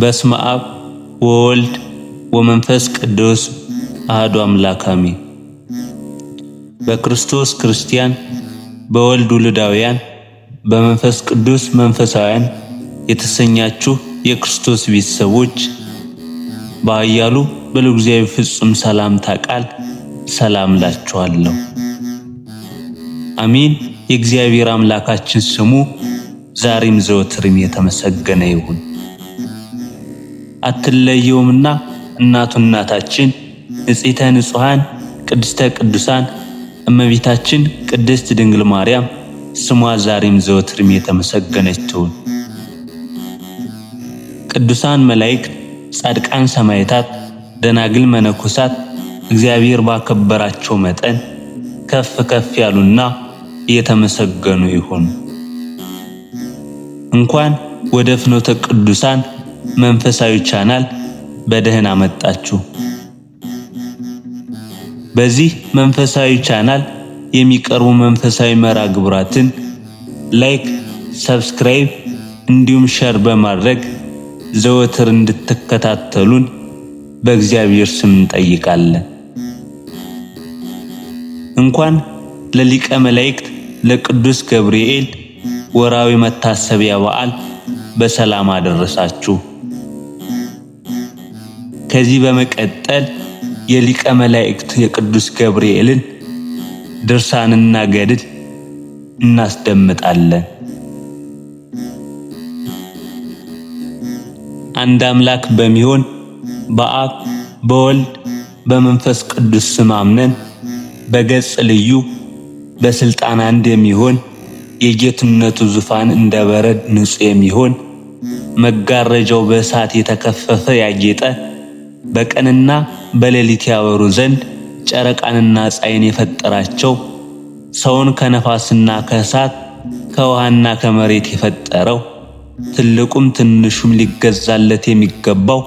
በስመ አብ ወወልድ ወመንፈስ ቅዱስ አህዱ አምላክ አሜን። በክርስቶስ ክርስቲያን፣ በወልድ ውሉዳውያን፣ በመንፈስ ቅዱስ መንፈሳውያን የተሰኛችሁ የክርስቶስ ቤተሰቦች በኃያሉ በለእግዚአብሔር ፍጹም ሰላምታ ቃል ሰላም ላችኋለሁ። አሚን የእግዚአብሔር አምላካችን ስሙ ዛሬም ዘወትርም የተመሰገነ ይሁን። አትለየውምና እናቱ እናታችን ንጽሕተ ንጹሐን ቅድስተ ቅዱሳን እመቤታችን ቅድስት ድንግል ማርያም ስሟ ዛሬም ዘወትርም የተመሰገነች ትሁን። ቅዱሳን መላእክት፣ ጻድቃን ሰማዕታት፣ ደናግል መነኮሳት እግዚአብሔር ባከበራቸው መጠን ከፍ ከፍ ያሉና የተመሰገኑ ይሁን። እንኳን ወደ ፍኖተ ቅዱሳን መንፈሳዊ ቻናል በደህና መጣችሁ። በዚህ መንፈሳዊ ቻናል የሚቀርቡ መንፈሳዊ መርሃ ግብራትን ላይክ፣ ሰብስክራይብ እንዲሁም ሸር በማድረግ ዘወትር እንድትከታተሉን በእግዚአብሔር ስም እንጠይቃለን። እንኳን ለሊቀ መላእክት ለቅዱስ ገብርኤል ወራዊ መታሰቢያ በዓል በሰላም አደረሳችሁ። ከዚህ በመቀጠል የሊቀ መላእክት የቅዱስ ገብርኤልን ድርሳንና ገድል እናስደምጣለን። አንድ አምላክ በሚሆን በአብ በወልድ በመንፈስ ቅዱስ ስም አምነን በገጽ ልዩ በስልጣን አንድ የሚሆን የጌትነቱ ዙፋን እንደ በረድ ንጹሕ የሚሆን መጋረጃው በእሳት የተከፈፈ ያጌጠ በቀንና በሌሊት ያበሩ ዘንድ ጨረቃንና ፀሐይን የፈጠራቸው ሰውን ከነፋስና ከእሳት ከውሃና ከመሬት የፈጠረው ትልቁም ትንሹም ሊገዛለት የሚገባው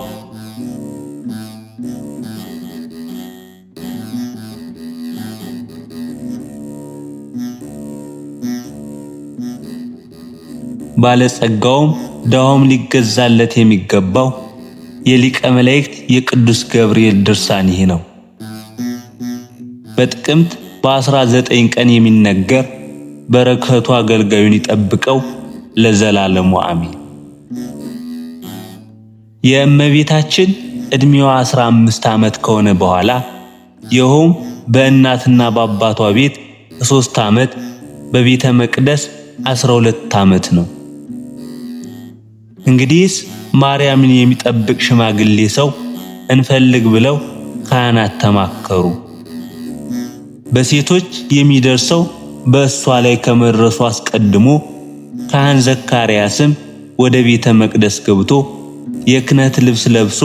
ባለጸጋውም ደሃውም ሊገዛለት የሚገባው የሊቀ መላእክት የቅዱስ ገብርኤል ድርሳን ይሄ ነው። በጥቅምት በ19 ቀን የሚነገር በረከቱ አገልጋዩን ይጠብቀው ለዘላለሙ አሚን። የእመቤታችን ዕድሜዋ 15 አመት ከሆነ በኋላ ይኸውም በእናትና በአባቷ ቤት ሦስት አመት በቤተ መቅደስ 12 አመት ነው። እንግዲህስ ማርያምን የሚጠብቅ ሽማግሌ ሰው እንፈልግ ብለው ካህናት ተማከሩ። በሴቶች የሚደርሰው በእሷ ላይ ከመድረሱ አስቀድሞ ካህን ዘካርያስም ወደ ቤተ መቅደስ ገብቶ የክነት ልብስ ለብሶ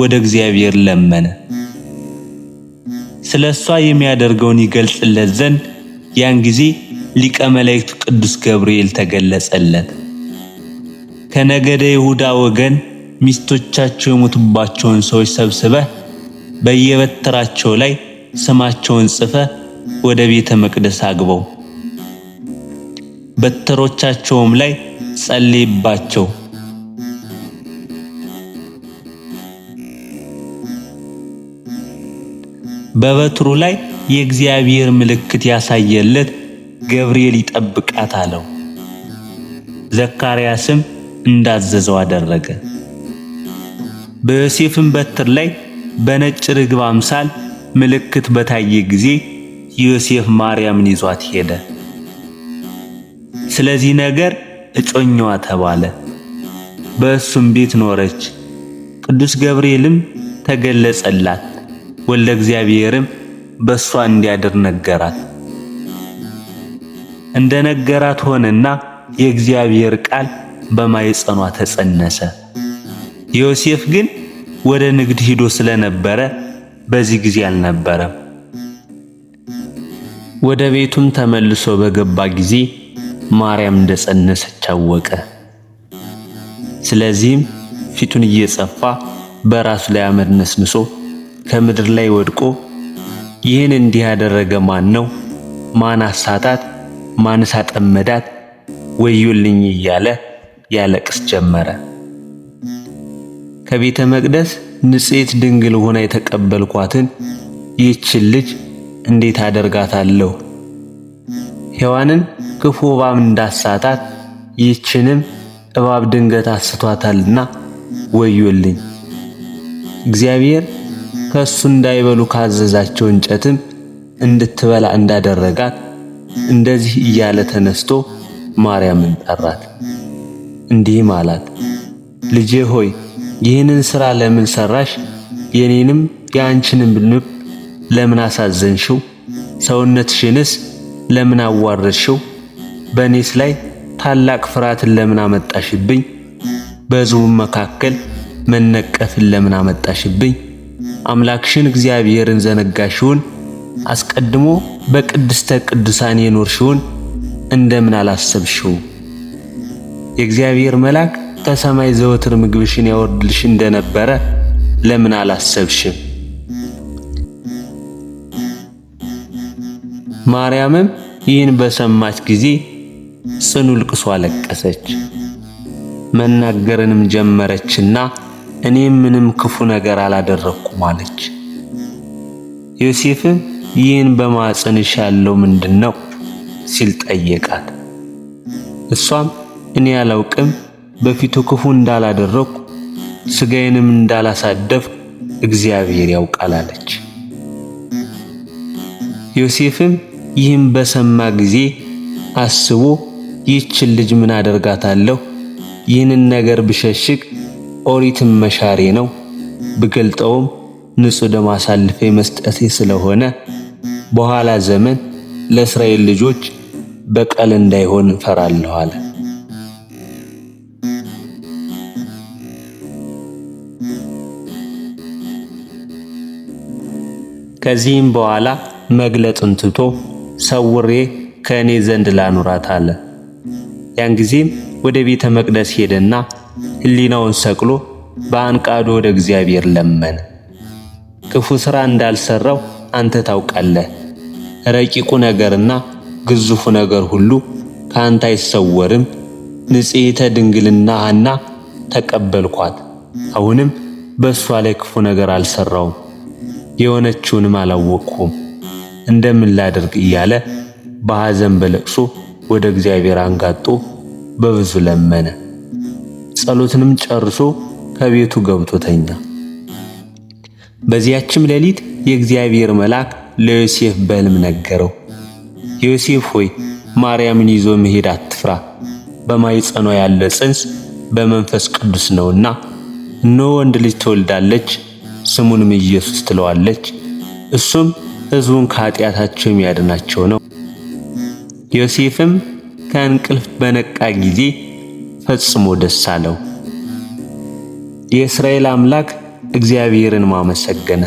ወደ እግዚአብሔር ለመነ። ስለ እሷ የሚያደርገውን ይገልጽለት ዘንድ ያን ጊዜ ሊቀ መላእክቱ ቅዱስ ገብርኤል ተገለጸለት። ከነገደ ይሁዳ ወገን ሚስቶቻቸው የሞቱባቸውን ሰዎች ሰብስበህ በየበትራቸው ላይ ስማቸውን ጽፈ ወደ ቤተ መቅደስ አግበው። በትሮቻቸውም ላይ ጸልይባቸው። በበትሩ ላይ የእግዚአብሔር ምልክት ያሳየለት ገብርኤል ይጠብቃት አለው። ዘካርያስም እንዳዘዘው አደረገ። በዮሴፍም በትር ላይ በነጭ ርግብ አምሳል ምልክት በታየ ጊዜ ዮሴፍ ማርያምን ይዟት ሄደ። ስለዚህ ነገር እጮኛዋ ተባለ። በእሱም ቤት ኖረች። ቅዱስ ገብርኤልም ተገለጸላት፣ ወልደ እግዚአብሔርም በእሷ እንዲያድር ነገራት። እንደ ነገራት ሆነና የእግዚአብሔር ቃል በማይጸኗ ተጸነሰ። ዮሴፍ ግን ወደ ንግድ ሂዶ ስለነበረ በዚህ ጊዜ አልነበረም። ወደ ቤቱም ተመልሶ በገባ ጊዜ ማርያም እንደጸነሰች አወቀ። ስለዚህም ፊቱን እየጸፋ በራሱ ላይ አመድ ነስንሶ ከምድር ላይ ወድቆ ይህን እንዲህ ያደረገ ማን ነው? ማን አሳታት? ማንስ አጠመዳት? ወዮልኝ እያለ ያለቅስ ጀመረ። ከቤተ መቅደስ ንጽሕት ድንግል ሆና የተቀበልኳትን ይህችን ልጅ እንዴት አደርጋታለሁ? ሔዋንን ክፉ እባብ እንዳሳታት ይህችንም እባብ ድንገት አስቷታልና ወዮልኝ። እግዚአብሔር ከእሱ እንዳይበሉ ካዘዛቸው እንጨትም እንድትበላ እንዳደረጋት እንደዚህ እያለ ተነስቶ ማርያምን ጠራት። እንዲህም አላት፣ ልጄ ሆይ ይህንን ሥራ ለምን ሠራሽ? የኔንም የአንቺንም ልብ ለምን አሳዘንሽው? ሰውነትሽንስ ለምን አዋረድሽው? በእኔስ ላይ ታላቅ ፍርሃትን ለምን አመጣሽብኝ? በሕዝቡም መካከል መነቀፍን ለምን አመጣሽብኝ? አምላክሽን እግዚአብሔርን ዘነጋሽውን? አስቀድሞ በቅድስተ ቅዱሳን የኖርሽውን እንደምን አላሰብሽው? የእግዚአብሔር መልአክ ከሰማይ ዘወትር ምግብሽን ያወርድልሽ እንደነበረ ለምን አላሰብሽም? ማርያምም ይህን በሰማች ጊዜ ጽኑ ልቅሶ አለቀሰች። መናገርንም ጀመረችና እኔም ምንም ክፉ ነገር አላደረኩም አለች። ዮሴፍም ይህን በማኅፀንሽ ያለው ምንድን ነው ሲል ጠየቃት። እሷም እኔ አላውቅም በፊቱ ክፉ እንዳላደረኩ ስጋዬንም እንዳላሳደፍ እግዚአብሔር ያውቃል አለች። ዮሴፍም ይህም በሰማ ጊዜ አስቦ ይህችን ልጅ ምን አደርጋታለሁ? ይህንን ነገር ብሸሽግ ኦሪትን መሻሬ ነው፣ ብገልጠውም ንጹሕ ደም አሳልፌ መስጠቴ ስለሆነ በኋላ ዘመን ለእስራኤል ልጆች በቀል እንዳይሆን እንፈራለሁ አለ። ከዚህም በኋላ መግለጥን ትቶ ሰውሬ ከእኔ ዘንድ ላኑራት አለ። ያን ጊዜም ወደ ቤተ መቅደስ ሄደና ሕሊናውን ሰቅሎ በአንቃዶ ወደ እግዚአብሔር ለመነ። ክፉ ሥራ እንዳልሰራው አንተ ታውቃለህ። ረቂቁ ነገርና ግዙፉ ነገር ሁሉ ከአንተ አይሰወርም። ንጽሕተ ድንግልና ተቀበልኳት። አሁንም በእሷ ላይ ክፉ ነገር አልሰራውም። የሆነችውንም አላወቅሁም እንደምን ላደርግ እያለ በሐዘን በለቅሶ ወደ እግዚአብሔር አንጋጦ በብዙ ለመነ። ጸሎትንም ጨርሶ ከቤቱ ገብቶ ተኛ። በዚያችም ሌሊት የእግዚአብሔር መልአክ ለዮሴፍ በሕልም ነገረው። ዮሴፍ ሆይ ማርያምን ይዞ መሄድ አትፍራ፣ በማይጸኗ ያለ ጽንስ በመንፈስ ቅዱስ ነውና እነሆ ወንድ ልጅ ትወልዳለች ስሙንም ኢየሱስ ትለዋለች። እሱም ሕዝቡን ከኃጢአታቸው የሚያድናቸው ነው። ዮሴፍም ከእንቅልፍ በነቃ ጊዜ ፈጽሞ ደስ አለው። የእስራኤል አምላክ እግዚአብሔርን ማመሰገነ።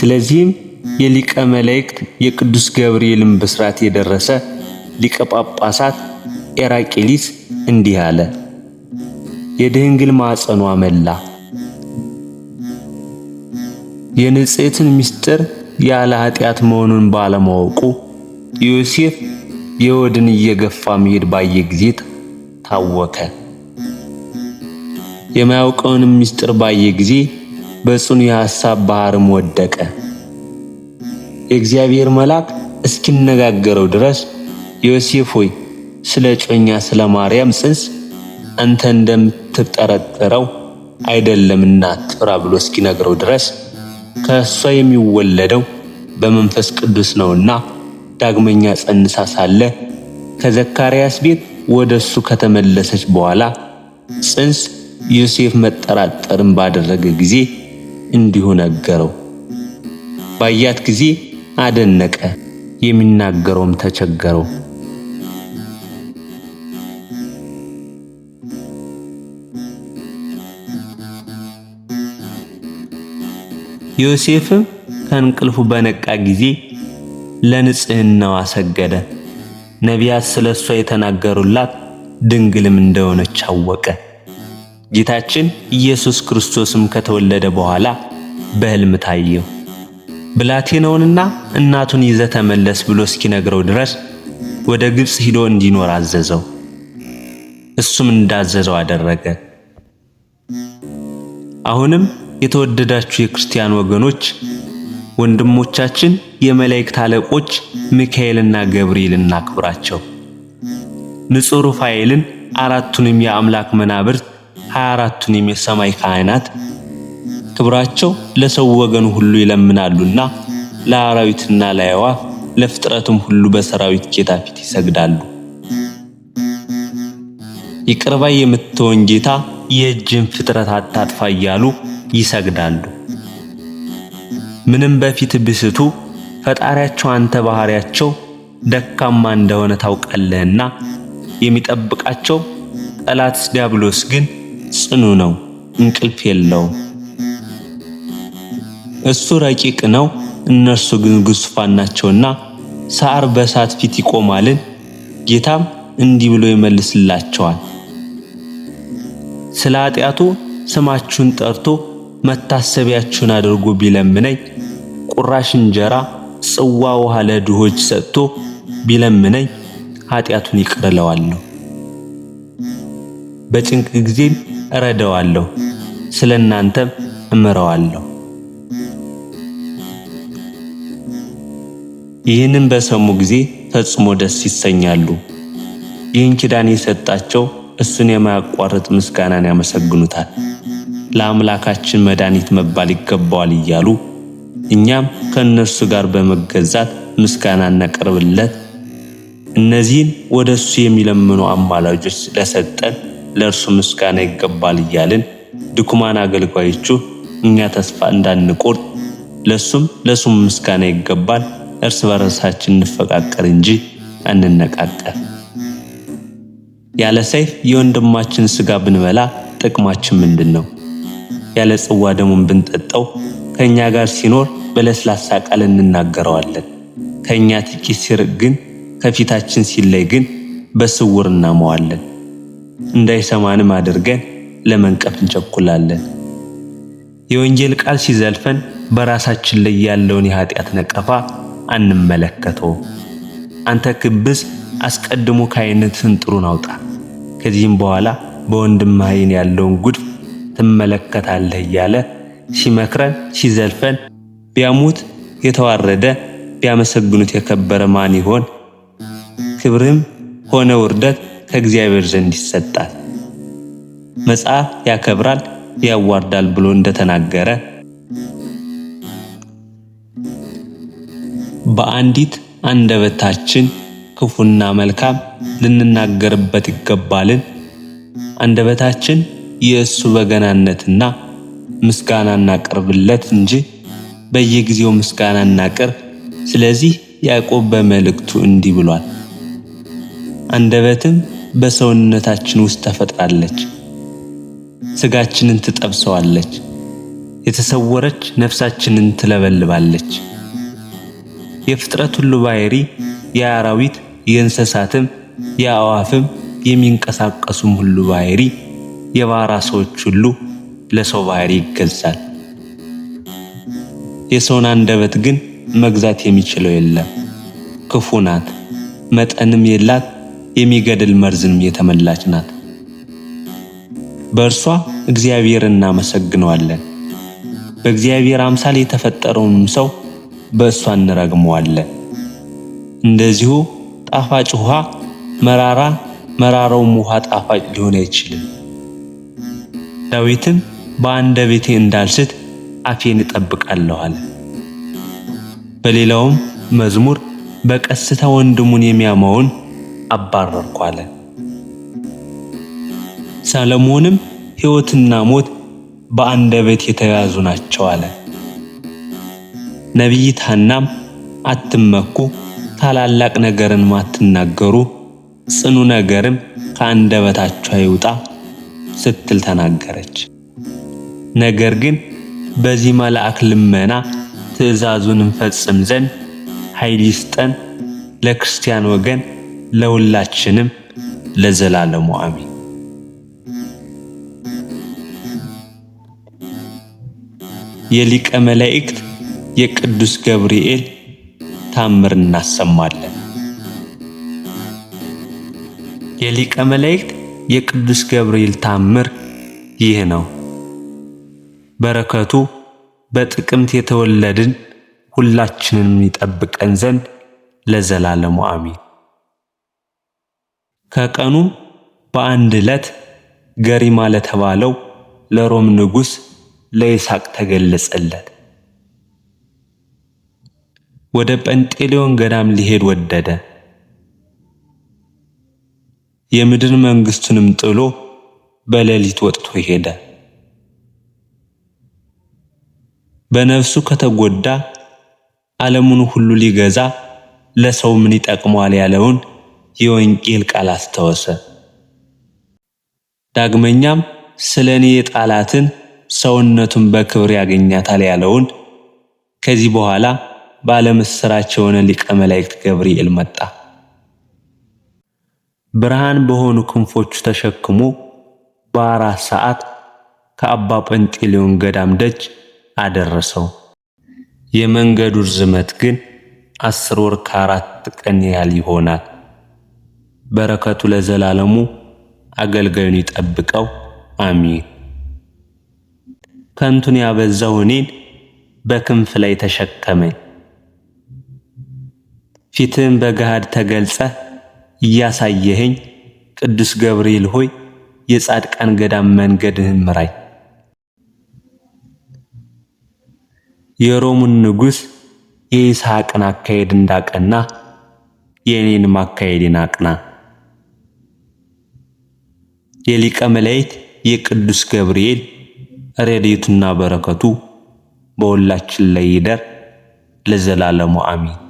ስለዚህም የሊቀ መላእክት የቅዱስ ገብርኤልን ብስራት የደረሰ ሊቀ ጳጳሳት ኤራቄሊስ እንዲህ አለ፦ የድንግል ማጸኗ መላ የንጽሕትን ምስጢር ያለ ኃጢአት መሆኑን ባለማወቁ ዮሴፍ የወድን እየገፋ መሄድ ባየ ጊዜ ታወከ። የማያውቀውንም ምስጢር ባየ ጊዜ በጽኑ የሐሳብ ባህርም ወደቀ። የእግዚአብሔር መልአክ እስኪነጋገረው ድረስ ዮሴፍ ሆይ ስለ ጮኛ ስለ ማርያም ጽንስ አንተ እንደምትጠረጠረው አይደለምና አትፍራ ብሎ እስኪነግረው ድረስ ከእሷ የሚወለደው በመንፈስ ቅዱስ ነውና ዳግመኛ ጸንሳ ሳለ ከዘካርያስ ቤት ወደ እሱ ከተመለሰች በኋላ ጽንስ ዮሴፍ መጠራጠርን ባደረገ ጊዜ እንዲሁ ነገረው። ባያት ጊዜ አደነቀ፣ የሚናገረውም ተቸገረው። ዮሴፍም ከእንቅልፉ በነቃ ጊዜ ለንጽህናው አሰገደ ነቢያት ስለ እሷ የተናገሩላት ድንግልም እንደሆነች አወቀ። ጌታችን ኢየሱስ ክርስቶስም ከተወለደ በኋላ በሕልም ታየው። ብላቴናውንና እናቱን ይዘ ተመለስ ብሎ እስኪነግረው ድረስ ወደ ግብፅ ሂዶ እንዲኖር አዘዘው። እሱም እንዳዘዘው አደረገ። አሁንም የተወደዳችሁ የክርስቲያን ወገኖች ወንድሞቻችን የመላእክት አለቆች ሚካኤልና ገብርኤል እናክብራቸው። ንጹሕ ሩፋኤልን አራቱንም የአምላክ መናብርት 24 አራቱንም የሰማይ ካህናት ክብራቸው ለሰው ወገን ሁሉ ይለምናሉና ለአራዊትና ለአዕዋፍ ለፍጥረትም ሁሉ በሰራዊት ጌታ ፊት ይሰግዳሉ። ይቅር ባይ የምትሆን ጌታ የእጅን ፍጥረት አታጥፋ እያሉ ይሰግዳሉ። ምንም በፊት ብስቱ ፈጣሪያቸው አንተ ባህሪያቸው ደካማ እንደሆነ ታውቃለህና የሚጠብቃቸው ጠላት ዲያብሎስ ግን ጽኑ ነው፣ እንቅልፍ የለውም። እሱ ረቂቅ ነው፣ እነርሱ ግን ግዙፋን ናቸውና ሳር በእሳት ፊት ይቆማልን? ጌታም እንዲህ ብሎ ይመልስላቸዋል። ስለ ኃጢአቱ ስማችሁን ጠርቶ መታሰቢያችሁን አድርጉ ቢለምነኝ ቁራሽ እንጀራ ጽዋ ውሃ ለድሆች ሰጥቶ ቢለምነኝ ኃጢአቱን ይቅር በጭንቅ ጊዜም እረዳዋለሁ፣ ስለ እናንተም እምረዋለሁ። ይህንን በሰሙ ጊዜ ፈጽሞ ደስ ይሰኛሉ። ይህን ኪዳን የሰጣቸው እሱን የማያቋርጥ ምስጋናን ያመሰግኑታል። ለአምላካችን መድኃኒት መባል ይገባዋል እያሉ እኛም ከእነርሱ ጋር በመገዛት ምስጋና እናቀርብለት። እነዚህን ወደ እሱ የሚለምኑ አማላጆች ስለሰጠን ለእርሱ ምስጋና ይገባል እያልን ድኩማን አገልጋዮቹ እኛ ተስፋ እንዳንቆርጥ ለሱም ለሱም ምስጋና ይገባል። እርስ በርሳችን እንፈቃቀር እንጂ አንነቃቀር። ያለ ሰይፍ የወንድማችን ስጋ ብንበላ ጥቅማችን ምንድን ነው? ያለ ጽዋ ደሙን ብንጠጣው ከእኛ ጋር ሲኖር በለስላሳ ቃል እንናገረዋለን። ከእኛ ጥቂት ሲርቅ ግን ከፊታችን ሲለይ ግን በስውር እናመዋለን። እንዳይሰማንም አድርገን ለመንቀፍ እንቸኩላለን። የወንጌል ቃል ሲዘልፈን በራሳችን ላይ ያለውን የኃጢአት ነቀፋ አንመለከተውም። አንተ ክብስ አስቀድሞ ከዓይንህ ጥሩን አውጣ፣ ከዚህም በኋላ በወንድም ሀይን ያለውን ጉድፍ ትመለከታለህ እያለ ሲመክረን ሲዘልፈን ቢያሙት የተዋረደ ቢያመሰግኑት የከበረ ማን ይሆን? ክብርም ሆነ ውርደት ከእግዚአብሔር ዘንድ ይሰጣል። መጽሐፍ ያከብራል ያዋርዳል ብሎ እንደተናገረ በአንዲት አንደበታችን ክፉና መልካም ልንናገርበት ይገባልን? አንደበታችን የእሱ በገናነትና ምስጋና እናቀርብለት እንጂ በየጊዜው ምስጋና እናቀርብ። ስለዚህ ያዕቆብ በመልእክቱ እንዲህ ብሏል፣ አንደበትም በሰውነታችን ውስጥ ተፈጥራለች፣ ስጋችንን ትጠብሰዋለች፣ የተሰወረች ነፍሳችንን ትለበልባለች። የፍጥረት ሁሉ ባህሪ የአራዊት የእንስሳትም የአዋፍም የሚንቀሳቀሱም ሁሉ ባህሪ። የባህራ ሰዎች ሁሉ ለሰው ባህሪ ይገዛል። የሰውን አንደበት ግን መግዛት የሚችለው የለም። ክፉ ናት፣ መጠንም የላት፣ የሚገድል መርዝንም የተመላች ናት። በእርሷ እግዚአብሔር እናመሰግነዋለን። በእግዚአብሔር አምሳል የተፈጠረውንም ሰው በእሷ እንረግመዋለን። እንደዚሁ ጣፋጭ ውሃ መራራ፣ መራራውም ውሃ ጣፋጭ ሊሆን አይችልም። ዳዊትም በአንደበቴ እንዳልስት አፌን እጠብቃለሁ አለ። በሌላውም መዝሙር በቀስታ ወንድሙን የሚያማውን አባረርኩ አለ። ሰለሞንም ሕይወትና ሞት በአንደበት የተያዙ ናቸው አለ። ነቢይት ሐናም አትመኩ፣ ታላላቅ ነገርን ማትናገሩ፣ ጽኑ ነገርም ከአንደበታቸው አይውጣ ስትል ተናገረች። ነገር ግን በዚህ መልአክ ልመና ትእዛዙን እንፈጽም ዘንድ ኃይል ይስጠን ለክርስቲያን ወገን ለሁላችንም ለዘላለሙ አሚን። የሊቀ መላእክት የቅዱስ ገብርኤል ታምር እናሰማለን። የሊቀ መላእክት የቅዱስ ገብርኤል ታምር ይህ ነው። በረከቱ በጥቅምት የተወለድን ሁላችንንም ይጠብቀን ዘንድ ለዘላለሙ አሚን። ከቀኑ በአንድ ዕለት ገሪማ ለተባለው ለሮም ንጉሥ ለይስሐቅ ተገለጸለት። ወደ ጴንጤሌዮን ገዳም ሊሄድ ወደደ። የምድር መንግስትንም ጥሎ በሌሊት ወጥቶ ሄደ። በነፍሱ ከተጎዳ ዓለሙን ሁሉ ሊገዛ ለሰው ምን ይጠቅመዋል ያለውን የወንጌል ቃል አስታወሰ። ዳግመኛም ስለ እኔ የጣላትን ሰውነቱን በክብር ያገኛታል ያለውን ከዚህ በኋላ ባለምስራቸው የሆነ ሊቀ መላእክት ገብርኤል መጣ። ብርሃን በሆኑ ክንፎቹ ተሸክሞ በአራት ሰዓት ከአባ ጴንጤሌዎን ገዳም ደጅ አደረሰው። የመንገዱ ርዝመት ግን አስር ወር ከአራት ቀን ያህል ይሆናል። በረከቱ ለዘላለሙ አገልጋዩን ይጠብቀው፣ አሚን። ከንቱን ያበዛው እኔን በክንፍ ላይ ተሸከመኝ። ፊትህን በገሃድ ተገልጸህ እያሳየኸኝ ቅዱስ ገብርኤል ሆይ የጻድቃን ገዳም መንገድህን ምራይ። የሮሙን ንጉሥ የይስሐቅን አካሄድ እንዳቀና የእኔንም ማካሄድ አቅና። የሊቀ መላእክት የቅዱስ ገብርኤል ረድኤቱና በረከቱ በሁላችን ላይ ይደር ለዘላለሙ አሚን።